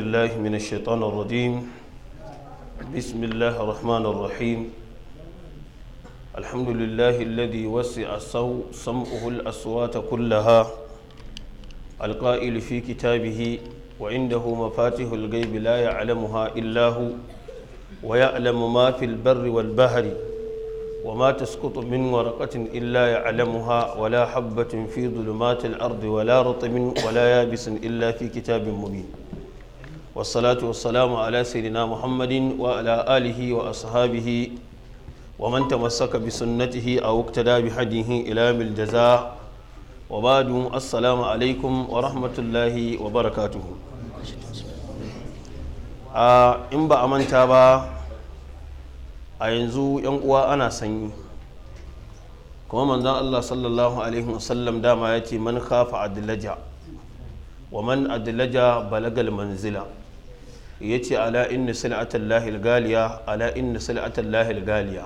بالله من الشيطان الرجيم بسم الله الرحمن الرحيم الحمد لله الذي وسع الصو سمعه الأصوات كلها القائل في كتابه وعنده مفاتيح الغيب لا يعلمها إلا هو ويعلم ما في البر والبحر وما تسقط من ورقة إلا يعلمها ولا حبة في ظلمات الأرض ولا رطب ولا يابس إلا في كتاب مبين والصلاة والسلام على سيدنا محمد وعلى آله وأصحابه ومن تمسك بسنته أو اقتدى بهديه إلى يوم الجزاء وبعد السلام عليكم ورحمة الله وبركاته إن با أمنتا با أينزو ينقوى أنا سني kuma manzon Allah sallallahu alaihi wasallam dama ya ce man khafa adlaja wa man adlaja balagal manzila ya ce ala inna sil'atul lahil galiya ala inna sil'atul lahil galiya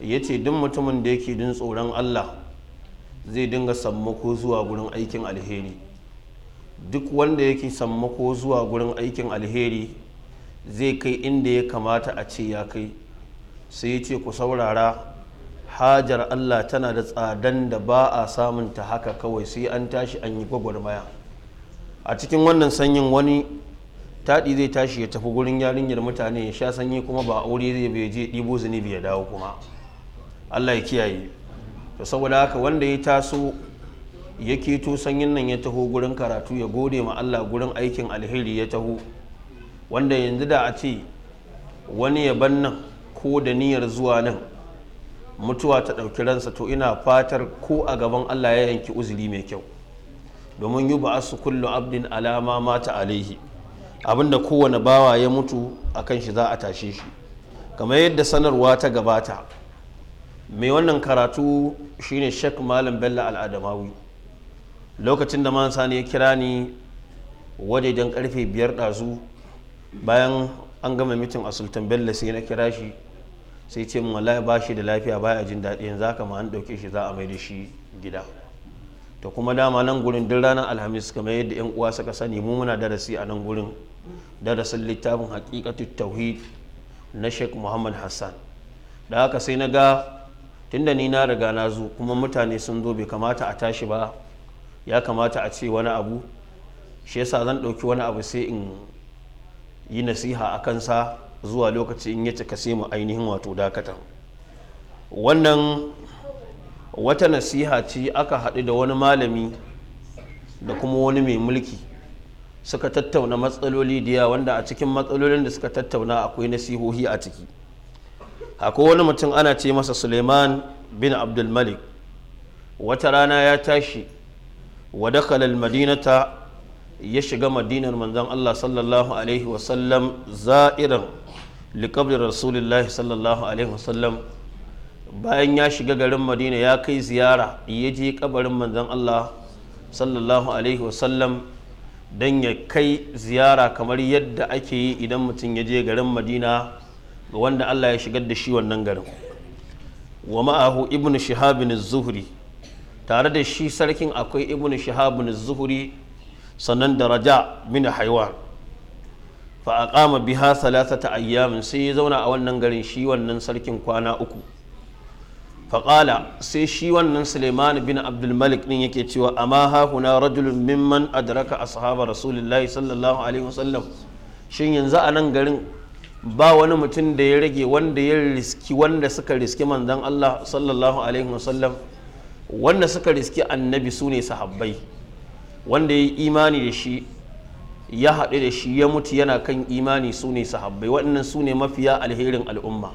ya ce duk mutumin da yake din tsoron Allah zai dinga sammako zuwa gurin aikin alheri duk wanda yake sammako zuwa gurin aikin alheri zai kai inda ya kamata a ce ya kai sai ya ce ku saurara hajar Allah tana da tsadan da ba a samunta haka kawai sai an tashi an yi gwagwarmaya a cikin wannan sanyin wani taɗi zai tashi ya tafi gurin yarinyar mutane ya sha sanyi kuma ba aure zai bai je ɗibo zunubi ya dawo kuma allah ya kiyaye to saboda haka wanda ya taso ya keto sanyin nan ya taho gurin karatu ya gode ma allah gurin aikin alheri ya taho wanda yanzu da a ce wani ya ban nan ko da niyyar zuwa nan mutuwa ta ɗauki ransa to ina fatar ko a gaban allah ya yanki uzuri mai kyau domin yi ba su kullum abdin alama mata alaihi abinda kowane bawa ya mutu a kan shi za a tashe shi kamar yadda sanarwa ta gabata mai wannan karatu shine shek malam bello al'adamawi lokacin da man sani ya kira ni wajejen karfe biyar ɗazu bayan an gama mitin a sultan bello sai na kira shi sai ce wallahi ba shi da lafiya baya jin daɗi yanzu haka ma an ɗauke shi za a mai da shi gida to kuma dama nan gurin duk ranar alhamis kamar yadda 'yan uwa suka sani mu muna darasi a nan gurin darasin littafin haƙiƙatu tauhid na sheikh muhammad hassan da haka sai na ga tunda ni na riga na zo kuma mutane sun zo bai kamata a tashi ba ya kamata a ce wani abu shi yasa zan ɗauki wani abu sai in yi nasiha a kansa zuwa lokaci in ya cika sai mu ainihin wato dakatan wannan wata nasiha ce aka haɗu da wani malami da kuma wani mai mulki suka tattauna matsaloli diya wanda a cikin matsalolin da suka tattauna akwai nasihohi a ciki akwai wani mutum ana ce masa suleiman bin abdulmalik wata rana ya tashi wa dakhalal madinata ya shiga madinar manzon Allah sallallahu alaihi za'iran liqabri rasulillahi sallallahu alaihi bayan ya shiga garin madina ya kai ziyara ya je kabarin manzon Allah sallallahu alaihi don ya kai ziyara kamar yadda ake yi idan mutum ya je garin madina ga wanda allah ya shigar da shi wannan garin wa ma'ahu ibn shihabin zuhri tare da shi sarkin akwai ibn shihabin zuhri sannan da raja min haiwa fa a kama biha salasata ayyamin sai ya zauna a wannan garin shi wannan sarkin kwana uku faƙala sai shi wannan suleiman bin abdulmalik ɗin yake cewa amma hahuna rajulun mimman adraka ashaba rasulullahi sallallahu alaihi wasallam shin yanzu a nan garin ba wani mutum da ya rage wanda ya riski wanda suka riski manzon Allah sallallahu alaihi wasallam wanda suka riski annabi su ne sahabbai wanda ya imani da shi ya haɗu da shi ya mutu yana kan imani su ne sahabbai waɗannan su ne mafiya alherin al'umma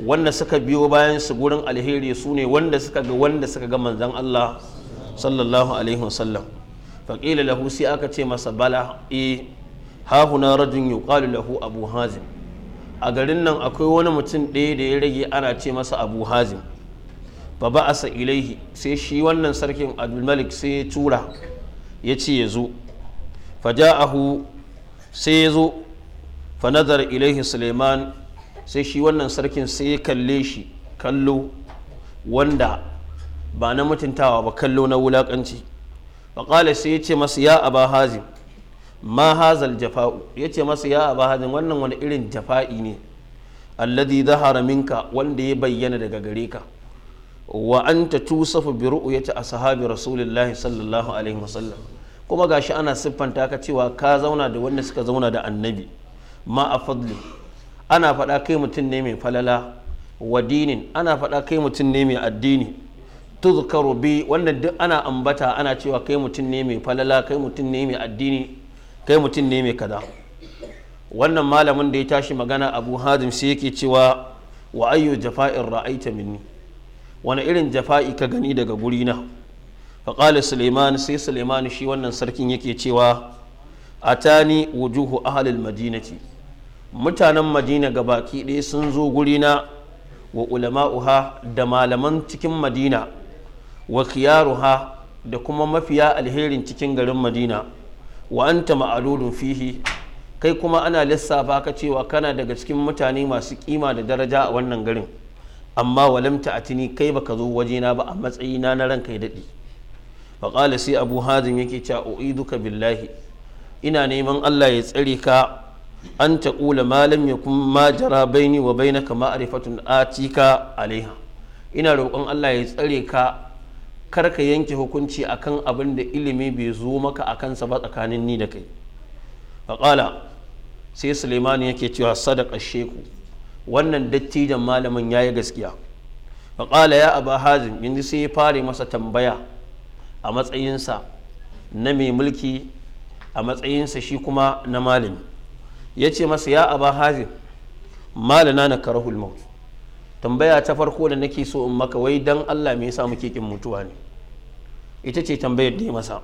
wanda suka biyo bayan su gurin alheri su ne wanda suka ga wanda suka ga manzan Allah sallallahu alaihi wasallam faqila lahu sai aka ce masa bala e ha huna rajul yuqalu lahu abu hazim a garin nan akwai wani mutum ɗaya da ya rage ana ce masa abu hazim fa ba'asa ilaihi sai shi wannan sarkin abdul malik sai ya tura ya ce ya zo sai ya zo fanazar ilaihi suleiman sai shi wannan sarkin sai ya kalle shi kallo wanda ba na mutuntawa ba kallo na wulakanci faƙala sai ya ce masa ya aba hazin ma hazal jafa'u ya ce masa ya aba hazin wannan wani irin jafa'i ne alladhi zahara minka wanda ya bayyana daga gare ka wa anta tusafu bi ru'yati ashabi rasulillahi sallallahu alaihi wasallam kuma gashi ana siffanta ka cewa ka zauna da wanda suka zauna da annabi ma a fadli ana faɗa kai mutum ne mai falala wa dinin ana faɗa kai mutum ne mai addini tuzkaru bi wannan duk ana ambata ana cewa kai mutum ne mai falala kai mutum ne mai addini kai mutum ne mai kaza wannan malamin da ya tashi magana abu hazim sai yake cewa wa ayyu jafa'in ra'aita minni wani irin jafa'i ka gani daga gurina qala sulaiman sai sulaiman shi wannan sarkin yake cewa atani wujuhu ahlil madinati mutanen madina gabaki ɗaya sun zo gurina wa ulama'uha da malaman cikin madina wa kiyaruha da kuma mafiya alherin cikin garin madina wa ta ma'aludun fihi kai kuma ana lissafa ka cewa kana daga cikin mutane masu kima da daraja a wannan garin amma walamta a tini kai baka zo wajena ba a matsayina na ran kai daɗi faƙala sai abu hazin yake cewa u'iduka billahi ina neman allah ya tsare ka an ta ƙula ya ya ma jara baini wa bainaka a atika alaiha ina roƙon Allah ya tsare ka kar ka yanke hukunci akan abin da ilimi bai zo maka a kansa ba tsakanin ni da kai faqala sai Suleiman yake cewa sadaqa sheku wannan dattijan malamin ya yi gaskiya faqala ya aba hazim yanzu sai ya fare masa tambaya a matsayinsa na mai mulki a matsayinsa shi kuma na malami ya ce masa ya aba hazin malana na karahul maut tambaya ta farko da nake so in maka wai dan Allah me yasa muke kin mutuwa ne ita ce tambayar da ya masa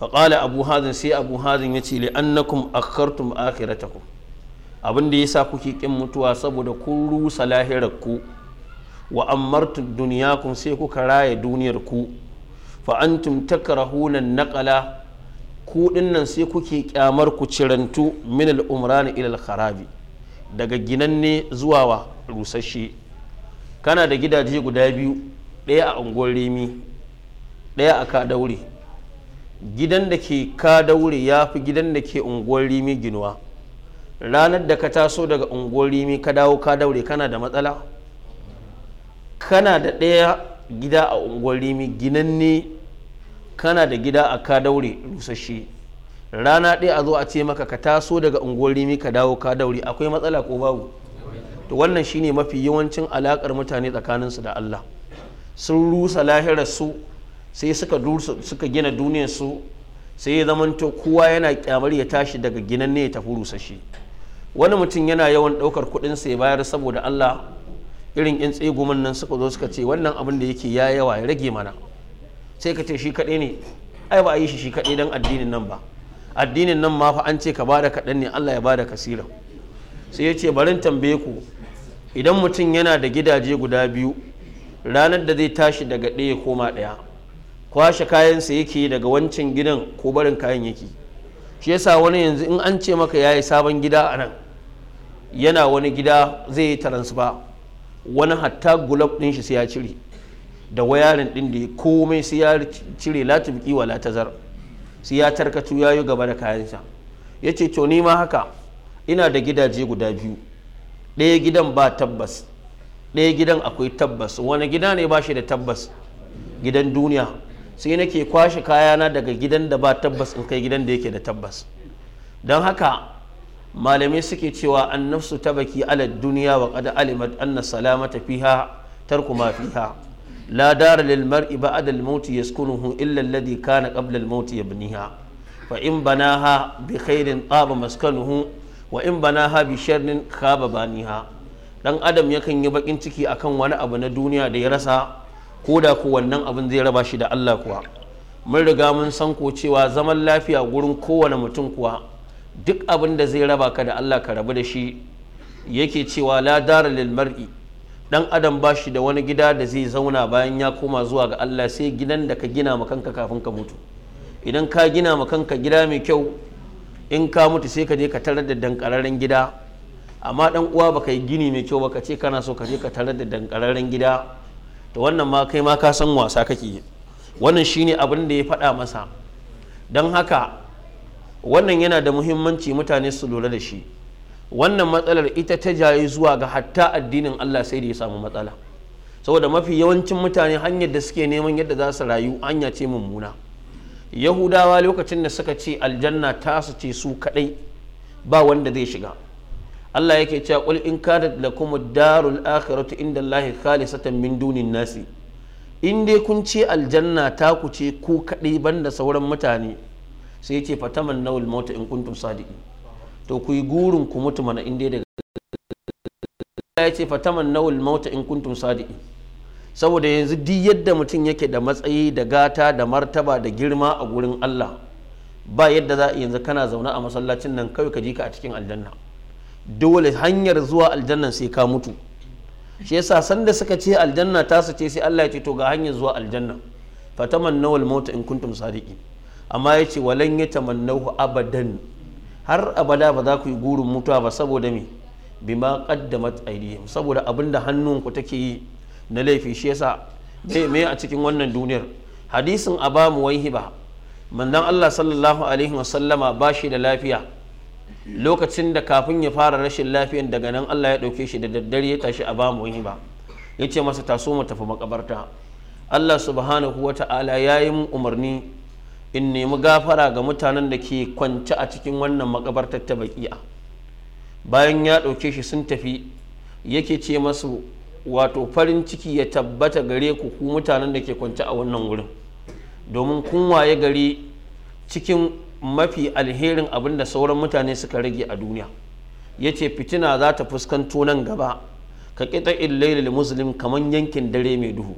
faƙala abu hazin sai abu hazin ya ce li'annakum akhartum akhiratakum abin da yasa kuke kin mutuwa saboda kun rusa lahirarku wa duniya duniyakum sai kuka raya duniyar ku fa antum takrahuna naqala ku nan sai kuke kyamar ku cirantu min al-umran ila al-kharabi daga ginanne zuwa wa rusasshe kana da gidaje guda biyu ɗaya a unguwar remi ɗaya a kadaure gidan da ke kadaure ya fi gidan da ke unguwar rimi ginuwa ranar da ka taso daga unguwar rimi ka dawo kadaure kana da matsala kana da ɗaya gida a unguwar rimi ginanne kana da gida a ka daure rusasshe rana ɗaya a zo a ce maka ka taso daga unguwar rimi ka dawo ka daure akwai matsala ko babu to wannan shine mafi yawancin alakar mutane tsakaninsu da Allah sun rusa lahirarsu sai suka suka gina duniyarsu sai ya zamanto kowa yana kyamar ya tashi daga ginan ne ya tafi rusashe wani mutum yana yawan ɗaukar kuɗin ya bayar saboda Allah irin in tsegumin nan suka zo suka ce wannan abin da yake ya yawa ya rage mana sai ka ce shi kaɗai ne ai ba a yi shi shi kaɗai don addinin nan ba addinin nan ma fa an ce ka bada kaɗan ne Allah ya ba da kasira sai ya ce barin tambaye ku idan mutum yana da gidaje guda biyu ranar da zai tashi daga ɗaya koma ɗaya kwashe kayansa yake daga wancan gidan ko barin kayan yake shi yasa wani yanzu in an ce maka yayi sabon gida a nan yana wani gida zai yi taransu wani hatta gulab ɗin shi sai ya cire da wayarin din da komai sai ya cire latin wa latazar sai ya tarkatu ya yi gaba da kayansa yace to ni ma haka ina da gidaje guda biyu ɗaya gidan ba tabbas ɗaya gidan akwai tabbas wani gida ne ba shi da tabbas gidan duniya sai nake kwashe kayana daga gidan da ba tabbas in kai gidan da yake da tabbas don haka malamai suke cewa an nafsu ta baki ala duniya wa kada alimat salama ta fiha tarku ma fiha la dara lil mar'i ba'da al nuhu yaskunuhu illa alladhi kana qabla ya maut yabniha fa in banaha bi khairin taba maskanuhu wa in banaha bi baniha dan adam yakan yi bakin ciki akan wani abu na duniya da ya rasa ko da ko wannan abin zai raba shi da Allah kuwa mun riga mun san ko cewa zaman lafiya gurin kowane mutum kuwa duk abin da zai raba ka da Allah ka rabu da shi yake cewa la dara lil mar'i dan adam ba shi da wani gida da zai zauna bayan ya koma zuwa ga Allah sai gidan da ka gina ma kanka kafin ka mutu idan ka gina ma kanka gida mai kyau in ka mutu sai ka je ka tarar da dankararren gida amma dan uwa baka yi gini mai kyau baka ce kana so ka je ka tarar da dankararren gida to wannan ma kai ma ka san wasa kake wannan shine abin da ya faɗa masa don haka wannan yana da muhimmanci mutane su lura da shi wannan matsalar ita ta jaye zuwa ga hatta addinin Allah sai da ya samu matsala saboda mafi yawancin mutane hanyar da suke neman yadda za su rayu hanya ce mummuna yahudawa lokacin da suka ce aljanna ta ce su kadai ba wanda zai shiga Allah yake cewa qul in kana lakum darul akhiratu inda Allah khalisatan min dunin nasi in dai kun ce aljanna ta ku ce ku kadai banda sauran mutane sai yace fataman nawul mauta in kuntum sadiqin to ku yi gurin ku mutu mana inda daga ya ce fataman nawul mauta in kuntum sadiqin saboda yanzu duk yadda mutum yake da matsayi da gata da martaba da girma a gurin Allah ba yadda za a yanzu kana zaune a masallacin nan kawai ka ji a cikin aljanna dole hanyar zuwa aljanna sai ka mutu shi yasa sanda suka ce aljanna ta su ce sai Allah ya ce to ga hanyar zuwa aljanna fataman nawal mauta in kuntum sadiqin amma yace walan yatamannahu abadan har abada ba za ku yi gurin mutuwa ba saboda me bima qaddamat aydihim saboda abinda hannunku take yi na laifi shi yasa mai a cikin wannan duniyar hadisin a aba hiba. manzon Allah sallallahu alaihi wasallama ba shi da lafiya lokacin da kafin ya fara rashin lafiyan daga nan Allah ya dauke shi da daddare ya tashi a ba ya ce masa taso mu tafi makabarta Allah subhanahu ta'ala ya yi umarni in nemi gafara ga mutanen da ke kwance a cikin wannan makabartar ta baki'a bayan ya ɗauke shi sun tafi yake ce masu wato farin ciki ya tabbata gare ku ku mutanen da ke kwance a wannan wurin domin kun waye gare cikin mafi alherin abin da sauran mutane suka rage a duniya ya ce fitina za ta fuskanto nan gaba ka ƙita illailil muslim kamar yankin dare mai duhu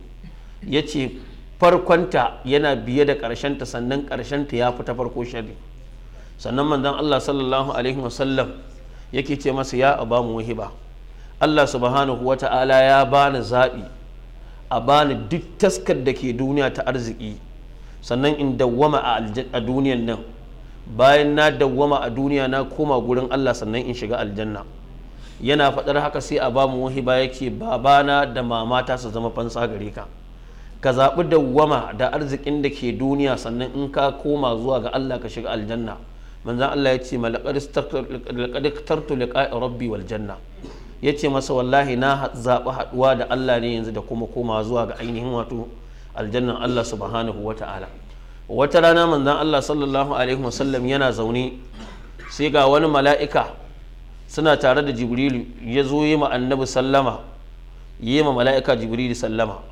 ya ce farkonta yana biye da ƙarshenta sannan ƙarshen ta ya fi ta farko shari sannan manzon Allah sallallahu alaihi wasallam yake ce masa ya bamu bamu wahiba Allah subhanahu wa ta'ala ya bani zaɓi a bani duk taskar da ke duniya ta arziki sannan in dawwama a duniyan nan bayan na dawwama a duniya na koma gurin Allah sannan in shiga aljanna yana faɗar haka sai a bamu wahiba yake babana da mamata su zama fansa gare ka ka zaɓi dawwama da arzikin da ke duniya sannan in ka koma zuwa ga Allah ka shiga aljanna manzan Allah ya ce laƙad tartu liqa'i rabbi wal janna ya ce masa wallahi na zaɓi haɗuwa da Allah ne yanzu da kuma koma zuwa ga ainihin wato aljannan Allah subhanahu wa ta'ala wata rana manzan Allah sallallahu alaihi wasallam yana zaune sai ga wani mala'ika suna tare da jibrilu ya zo yi ma annabi sallama yi ma mala'ika jibrilu sallama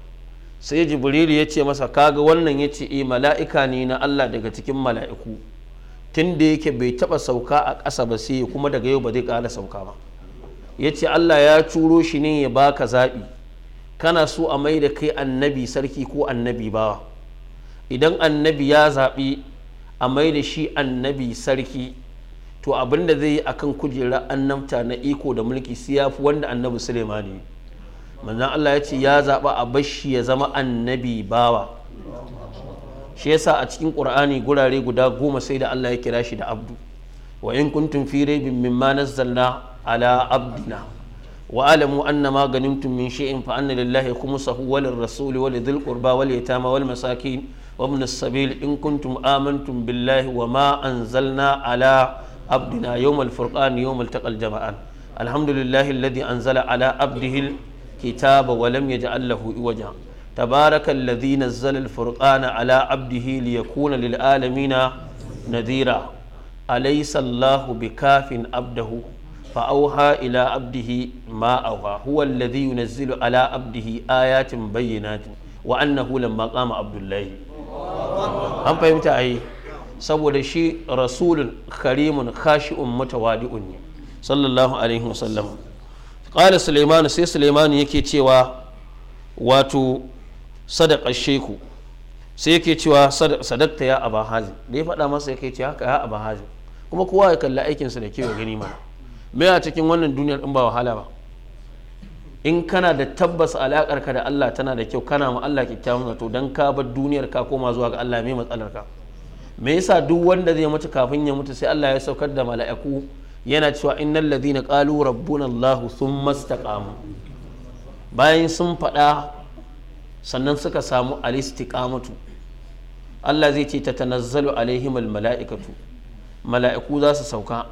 sai jibrilu ya ce masa kaga wannan ya ce e mala'ika ne na Allah daga cikin mala'iku tun da yake bai taɓa sauka a ƙasa ba sai kuma daga yau ba zai ƙara sauka ba ya ce Allah ya turo shi ne ya baka zaɓi kana so a mai da kai annabi sarki ko annabi bawa idan annabi ya zaɓi a mai da shi annabi sarki to abinda zai yi akan kujerar annabta na iko da mulki sai ya wanda annabi sulemani manzan Allah ya ce ya zaɓa a bashi ya zama annabi bawa shi yasa a cikin ƙur'ani gurare guda goma sai da Allah ya kira shi da abdu wa in kuntum fi raibin mimma nazzalna ala abdina wa alamu anna ma ganimtum min shay'in fa anna lillahi khumsahu wa lirrasuli wa lidhil qurba wal yatama wal masakin wa ibn as-sabil in kuntum amantum billahi wa ma anzalna ala abdina yawmal furqan yawm taqal jama'an alhamdulillahi alladhi anzala ala abdihi kitaba wa lam yaj'al Allah iwaja tabaraka alladhi nazzala al-furqana ala abdihi liyakuna lil alamina nadhira alaysa فأوحى إلى عبده ما أوحى هو الذي ينزل على عبده آيات بينات وأنه لما قام عبد الله فهمت أي saboda shi rasulun karimun khashi'un mutawadi'un ne sallallahu alaihi wasallam ƙala suleiman sai suleiman yake cewa wato sadaka sheku sai yake cewa sadakta ya aba hazin da ya faɗa masa yake cewa haka ya aba hazin kuma kowa ya kalli aikinsa da kewa gani ma me a cikin wannan duniyar in ba wahala ba in kana da tabbas alakarka da Allah tana da kyau kana ma Allah kyakkyawan zato don ka bar duniyar ka koma zuwa ga Allah mai matsalar ka me yasa duk wanda zai mutu kafin ya mutu sai Allah ya saukar da mala'iku yana cewa innal ladina qalu rabbuna allah thumma istaqamu bayan sun faɗa sannan suka samu alistiqamatu Allah zai ce ta tanazzalu alaihim mala'ikatu mala'iku za su sauka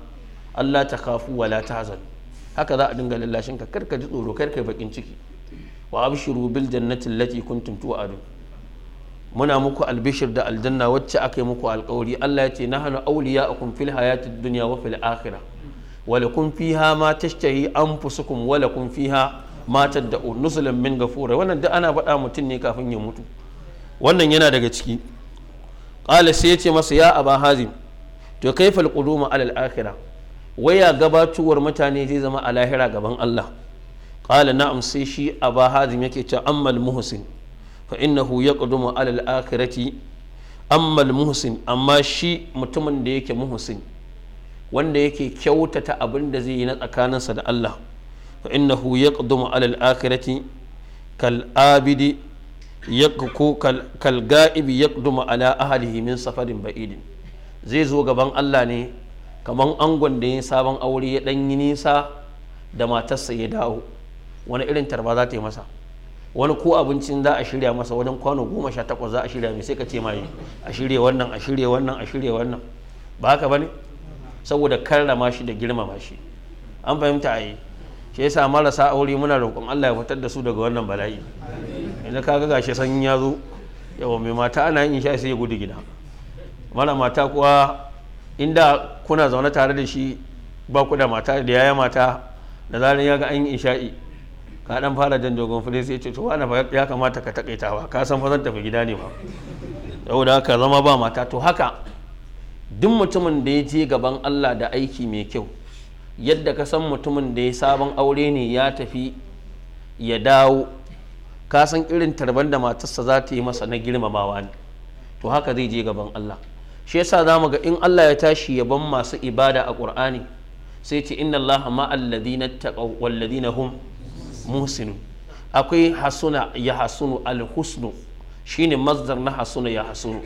Allah ta kafu wala tahzan haka za a dinga lallashin ka karka ji tsoro karka bakin ciki wa abshiru bil jannati allati kuntum tu'adun muna muku albishir da aljanna wacce aka yi muku alkawari Allah ya ce nahnu awliya'ukum fil hayatid dunya wa fil akhirah Wala kun fiha ma tashtahi anfusukum wala kun fiha ma tad'u nuzulan min ghafura wannan duk ana faɗa mutum ne kafin ya mutu wannan yana daga ciki qala sai ya ce masa ya aba hazim to kaifa alquduma ala al akhirah waya gabatuwar mutane zai zama a lahira gaban Allah qala na'am sai shi aba hazim yake ce ammal muhsin fa innahu yaqdumu alal amma muhsin amma shi mutumin da yake muhsin wanda yake kyautata abin da zai yi na tsakaninsa da Allah fa innahu yaqdumu alal akhirati kal abidi ala ahlihi min safarin ba'idin zai zo gaban Allah ne kaman angon da ya sabon aure ya ɗanyi yi nisa da matarsa ya dawo wani irin tarba za ta yi masa wani ko abincin za a shirya masa wajen kwano goma sha takwas za a shirya mai sai ka ce mai a shirya wannan a shirya wannan a shirya wannan ba haka ba ne saboda karrama shi da girmama shi an fahimta a yi shi yasa marasa aure muna roƙon Allah ya fitar da su daga wannan bala'i idan kaga gashi sanyi ya zo yawa mai mata ana yin sha sai ya gudu gida mara mata kuwa inda kuna zaune tare da shi ba ku da mata da yaya mata da zarar ya ga an yi insha'i. ka dan fara jan jogon fili sai ce to wani ya kamata ka takaita ba ka san fa zan tafi gida ne ba saboda haka zama ba mata to haka duk mutumin da ya je gaban Allah da aiki mai kyau yadda ka san mutumin da ya sabon aure ne ya tafi ya dawo ka san irin tarban da matarsa za ta yi masa na girmamawa ne to haka zai je gaban Allah shi yasa za mu ga in Allah ya tashi ya ban masu ibada a Qur'ani sai ce inna Allah ma alladhina taqaw walladhina hum musinu akwai hasuna ya hasunu alhusnu shine masdar na hasuna ya hasunu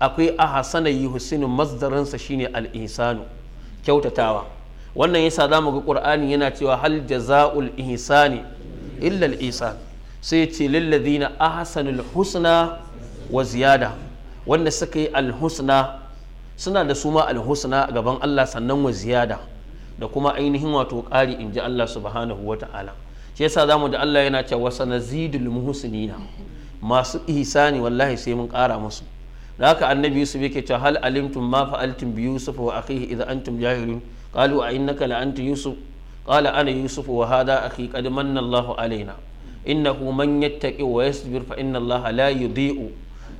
akwai a yi husinu masdarinsa shine al kyautatawa wannan yasa zamu ga ƙur'ani yana cewa hal jazaul ihsani illa al sai ce lil ahsanul husna wa ziyada wanda suka yi al suna da suma al-husna gaban Allah sannan wa ziyada da kuma ainihin wato ƙari in ji Allah subhanahu ta'ala. shi yasa zamu da Allah yana cewa nazidul muhsinina masu ihsani wallahi sai mun ƙara musu da haka annabi yusuf yake cewa hal alimtum ma fa'altum bi yusuf wa akhihi idza antum jahilun qalu a innaka la anta yusuf qala ana yusuf wa hadha akhi qad manna Allah alaina innahu man yattaqi wa yasbir fa inna Allah la yudhi'u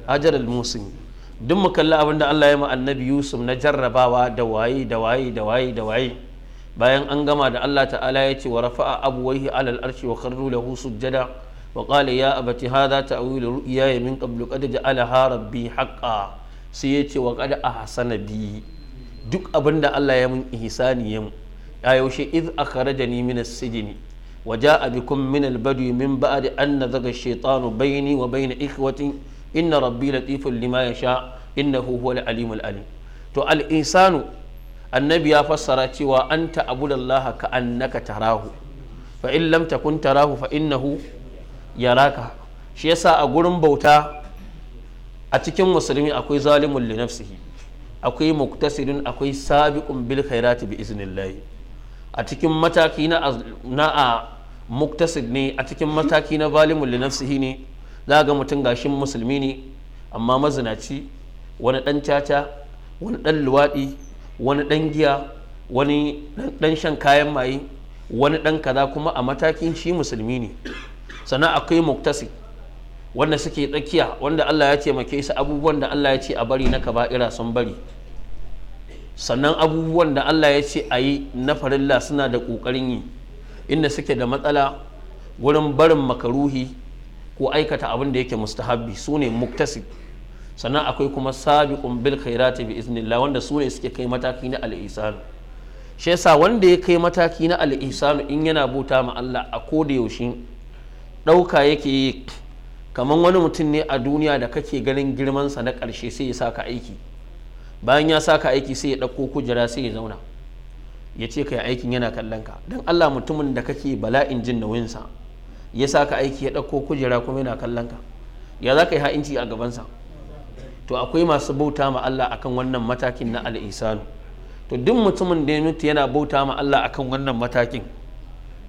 ajra al muslimin duk mu kalli abin da Allah ya ma annabi yusuf na jarrabawa da waye da waye da waye da waye bayan an gama da Allah ta'ala ya ce wa rafa'a abuwaihi alal arshi wa kharru lahu sujjada wa qala ya abati hadha ta'wilu ru'yaya min qablu qad ja'alaha rabbi haqqan sai ya ce wa qad ahsana bi duk abinda Allah ya mun ihsani ya ya yaushe id akhrajani min as-sijni wa ja'a bikum min al-badwi min ba'di an nadhaga ash-shaytanu bayni wa bayna ikhwati inna rabbi latifun lima yasha innahu huwal alimul alim to al-insanu annabi ya fassara cewa an anta abudallaha ka annaka tarahu fa in lam takun tarahu fa innahu yaraka shi yasa a gurin bauta a cikin musulmi akwai zalimun li nafsihi akwai muktasirin akwai sabiqun bil khairati bi iznillahi a cikin mataki na na a muktasid ne a cikin mataki na zalimun li nafsihi ne za ga mutum gashin musulmi ne amma mazinaci wani dan caca wani dan luwadi. wani ɗan giya wani ɗan shan kayan maye wani ɗan kaza kuma a matakin shi musulmi ne sannan akwai muktasi wanda suke tsakiya wanda Allah ya taimake su abubuwan da Allah ya ce a bari na kaba'ira sun bari sannan abubuwan da Allah ya ce a yi na farilla suna da ƙoƙarin yi inda suke da matsala wurin barin makaruhi ko aikata abin da yake mustahabbi sune ne sannan akwai kuma sabiqun bil khairati bi iznillah wanda su ne suke kai mataki na al'isanu shi yasa wanda ya kai mataki na al'isanu in yana bauta ma Allah a da yaushe ɗauka yake yi kamar wani mutum ne a duniya da kake ganin girmansa na ƙarshe sai ya saka aiki bayan ya saka aiki sai ya ɗauko kujera sai ya zauna ya ce ka aikin yana kallon ka don Allah mutumin da kake bala'in jin nauyinsa ya saka aiki ya ɗauko kujera kuma yana kallon ka ya za ka yi ha'inci a gabansa to akwai masu bauta ma Allah akan wannan matakin na al'isanu to duk mutumin da ya mutu yana bauta ma Allah akan wannan matakin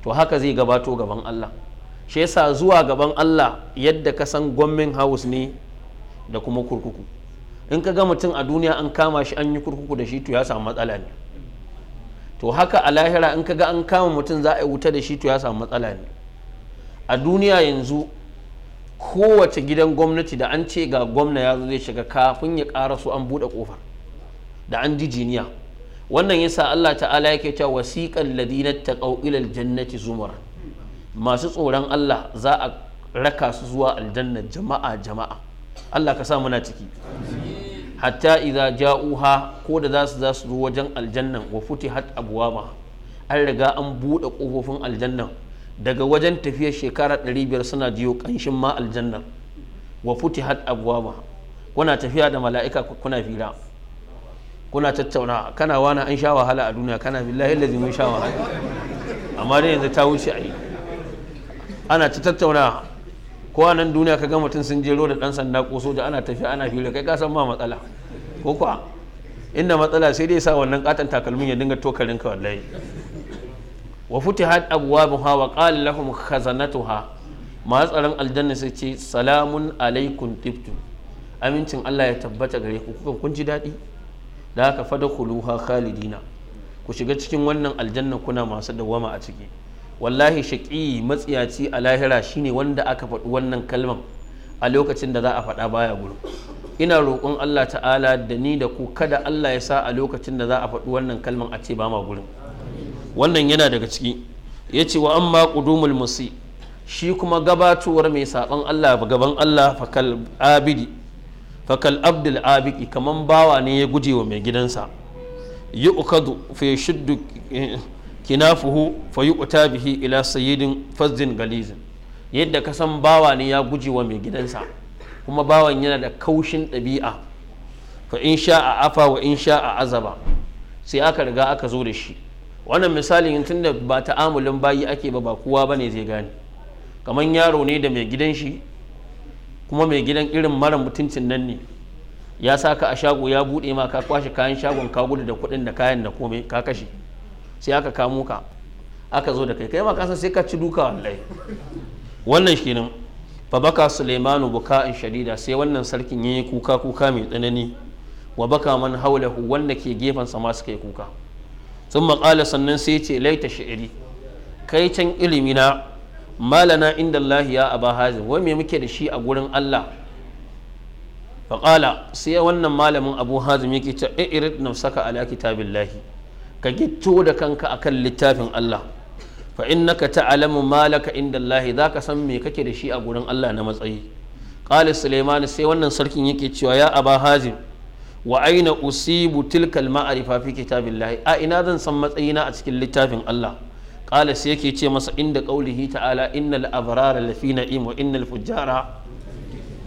to haka zai gabato gaban Allah shi yasa zuwa gaban Allah yadda ka san gwammin house ne da kuma kurkuku in ka ga mutum a duniya an kama shi an yi kurkuku da shi to ya samu matsala ne to haka a lahira in ka ga an kama mutum za a yi wuta da shi to ya samu matsala ne a duniya yanzu kowace gidan gwamnati da an ce ga gwamna ya zo zai shiga kafin ya ƙara su an buɗe ƙofar da an ji jiniya wannan yasa Allah ta'ala yake cewa wasiqal ladina taqaw ƙauilar aljannati zumar masu tsoron Allah za a raka su zuwa aljanna jama'a jama'a Allah ka sa muna ciki hatta idza ja'uha ko da za su za su zo wajen aljannan wa futihat abwaba an riga an buɗe ƙofofin aljannan daga wajen tafiyar shekara 500 suna jiyo kanshin ma aljanna wa futi futihat abuwa kuna tafiya da mala'ika kuna fira kuna tattauna kana wani an sha wahala a duniya kana billahi lazi mun sha wahala amma dai yanzu ta wuce a yi ana ta tattauna ko nan duniya ka gama mutum sun jero da dan sanda ko soja ana tafiya ana fira kai ka san ma matsala ko kuwa inda matsala sai dai sa wannan katon takalmin ya dinga tokarin ka wallahi wa futihat abwabuha wa qala lahum khazanatuha masu tsaron aljanna sai ce salamun alaikum tibtum amincin Allah ya tabbata gare ku kuka kun ji daɗi da haka fada kuluha khalidina ku shiga cikin wannan aljanna kuna masu dawama a ciki wallahi shaƙi matsiyaci a lahira shine wanda aka faɗi wannan kalman a lokacin da za a faɗa baya gurin ina roƙon Allah ta'ala da ni da ku kada Allah ya sa a lokacin da za a faɗi wannan kalman a ce ba ma gurin wannan yana daga ciki ya ce wa amma qudumul musi shi kuma gabatowar mai saɓan Allah gaban Allah fakal abidi fakal abdul abiki kamar bawa ne ya guje wa mai gidansa yi ukadu fa yashuddu eh, kinafuhu fa yu'ta bihi ila sayidin fazin galizin yadda ka san bawa ne ya guje wa mai gidansa kuma bawan yana da kaushin ɗabi'a fa in sha a afa wa in sha a azaba sai aka riga aka zo da shi wannan misalin tunda ba ta ta'amulin bayi ake ba ba kowa ne zai gane kamar yaro ne da mai gidan shi kuma mai gidan irin mara mutuncin nan ne ya saka a shago ya buɗe ma ka kwashe kayan shagon ka gudu da kuɗin da kayan da komai ka kashe sai aka kamo ka aka zo da kai kai ma ka sai ka ci duka wallahi wannan shirin fa baka sulaimanu buka'in shadida sai wannan sarkin yayi kuka kuka mai tsanani wa baka man haulahu wanda ke gefen sa ma suka yi kuka sun maƙala sannan sai ce laita sha'iri kai can ilimi na malana inda Allah ya aba hazin wai me muke da shi a gurin Allah faƙala sai wannan malamin abu hazim yake ce irid nafsaka ala Lahi. ka gitto da kanka akan littafin Allah fa innaka ta'lamu malaka inda Allah zaka san me kake da shi a gurin Allah na matsayi qala sulaiman sai wannan sarkin yake cewa ya aba hazim wa aina usibu tilkal ma'arifa fi kitabillahi a ina zan san matsayina a cikin littafin Allah qala sai yake ce masa inda qaulihi ta'ala innal abrara lafi na'im wa innal fujjara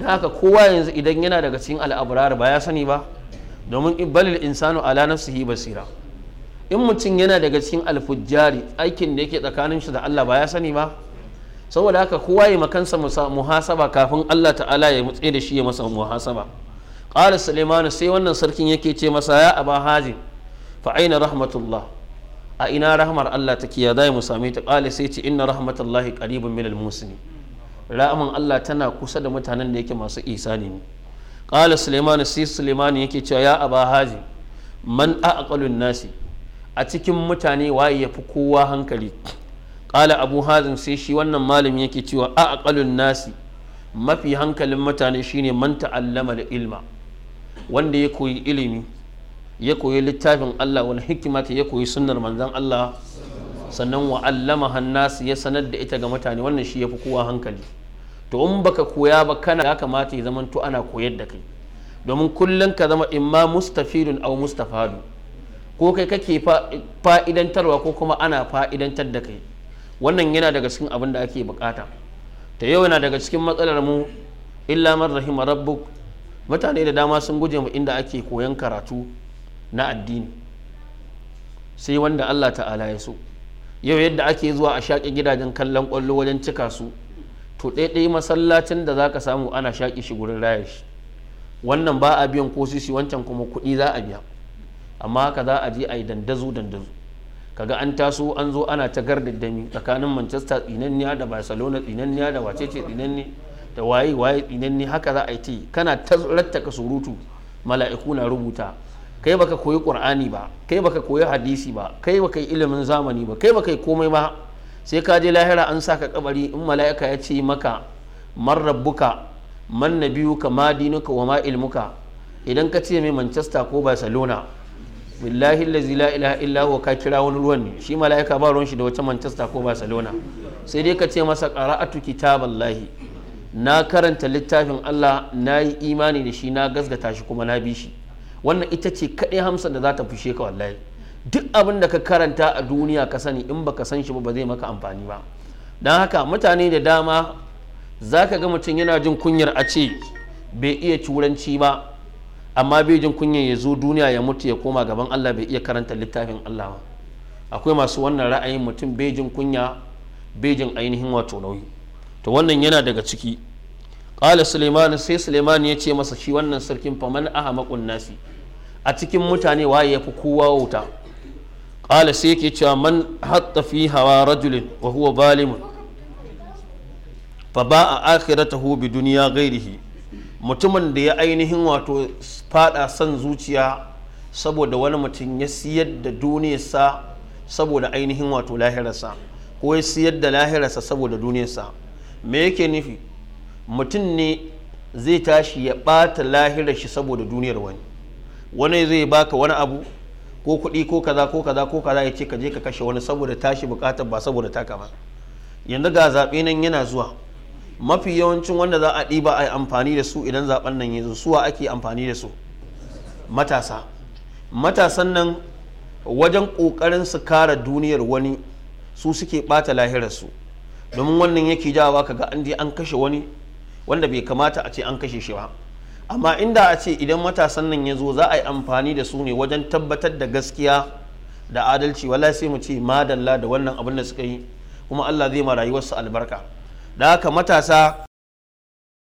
da haka kowa yanzu idan yana daga cikin al'abrar ba ya sani ba domin balil insanu ala nafsihi basira in mutum yana daga cikin alfujjari aikin da yake tsakanin shi da Allah ba ya sani ba saboda haka kowa ya makansa muhasaba kafin Allah ta'ala ya mutse da shi ya masa muhasaba qala sulaimanu sai wannan sarkin yake ce masa ya aba haji fa aina rahmatullah a ina rahmar Allah take ya mu same ta qala sai ce inna rahmatullahi qaribun min al rahman Allah tana kusa da mutanen da yake masu isani ne qala sulaimanu sai sulaimanu yake cewa ya aba haji man aqalun nasi a cikin mutane waye yafi kowa hankali qala abu hazim sai shi wannan malami yake cewa aqalun nasi mafi hankalin mutane shine man ta'allama ilma wanda ya koyi ilimi ya koyi littafin Allah wani hikima ta ya koyi sunnar manzan Allah sannan wa allama hannasu ya sanar da ita ga mutane wannan shi ya fi kowa hankali to in baka koya ba kana ya kamata ya zamanto ana koyar da kai domin kullum ka zama imma mustafidun au mustafadu ko kai kake fa'idantarwa ko kuma ana fa'idantar da kai wannan yana daga cikin abin da ake bukata ta yau yana daga cikin matsalar mu illa man rahima rabbuk mutane da dama sun guje mu inda ake koyan karatu na addini sai wanda Allah ta'ala ya so yau yadda ake zuwa a shaƙi gidajen kallon ƙwallo wajen cika su to ɗaiɗai masallacin da za ka samu ana shaƙi shi gurin raya shi wannan ba a biyan ko sisi wancan kuma kuɗi za a biya amma haka za a je a yi dandazo dandazo kaga an taso an zo ana ta gardaddami tsakanin manchester tsinanniya da barcelona tsinanniya da wacece tsinanniya da waye waye idan ne haka za a yi ce kana ta surutu mala'iku na rubuta kai baka koyi qur'ani ba kai baka koyi hadisi ba kai baka yi ilimin zamani ba kai baka yi komai ba sai ka je lahira an saka kabari in mala'ika ya ce maka man rabbuka man nabiyuka ma dinuka wa ma ilmuka idan ka ce mai manchester ko barcelona billahi allazi la ilaha illa huwa ka kira wani ruwan ne shi mala'ika ba ruwan shi da wata manchester ko barcelona sai dai ka ce masa qara'atu kitaballahi na karanta littafin Allah na yi imani da shi na gasgata shi kuma na bi shi wannan ita ce kaɗai hamsa da za ta fushe ka wallahi duk abin da ka karanta a duniya ka sani in baka san shi ba ba zai maka amfani ba don haka mutane da dama za ka ga mutum yana jin kunyar a ce bai iya turanci ba amma bai jin kunyar ya zo duniya ya mutu ya koma gaban Allah bai iya karanta littafin Allah ba akwai masu wannan ra'ayin mutum bai jin kunya bai jin ainihin wato nauyi to wannan yana daga ciki ƙala suleiman sai suleiman ya ce masa shi wannan sarkin faman ahmaqun nasi a cikin mutane waye ya fi kowa wuta ƙala sai yake cewa man hatta fi hawa rajulin wa huwa balimun fa ba a akhiratahu bi duniya ghairihi mutumin da ya ainihin wato fada san zuciya saboda wani mutum ya siyar da duniyarsa saboda ainihin wato lahirarsa ko ya siyar da lahirarsa saboda duniyarsa me yake nufi mutum ne zai tashi ya ɓata lahirar shi saboda duniyar wani wani zai baka wani abu ko kuɗi ko kaza ko kaza ko kaza ya ce ka je ka kashe wani saboda tashi bukatar ba saboda taka ba yanzu ga zaɓe nan yana zuwa mafi yawancin wanda za a ɗiba a yi amfani da su idan zaɓen nan ya zo suwa ake amfani da su matasa matasan nan wajen ƙoƙarin su kara duniyar wani su suke ɓata lahirar su domin wannan yake jawa kaga an je an kashe wani wanda bai kamata a ce an kashe shi ba amma inda a ce idan matasan nan ya zo za a yi amfani da su ne wajen tabbatar da gaskiya da adalci wala sai mu ce madalla da wannan abin da suka yi kuma Allah zai ma wasu albarka da haka matasa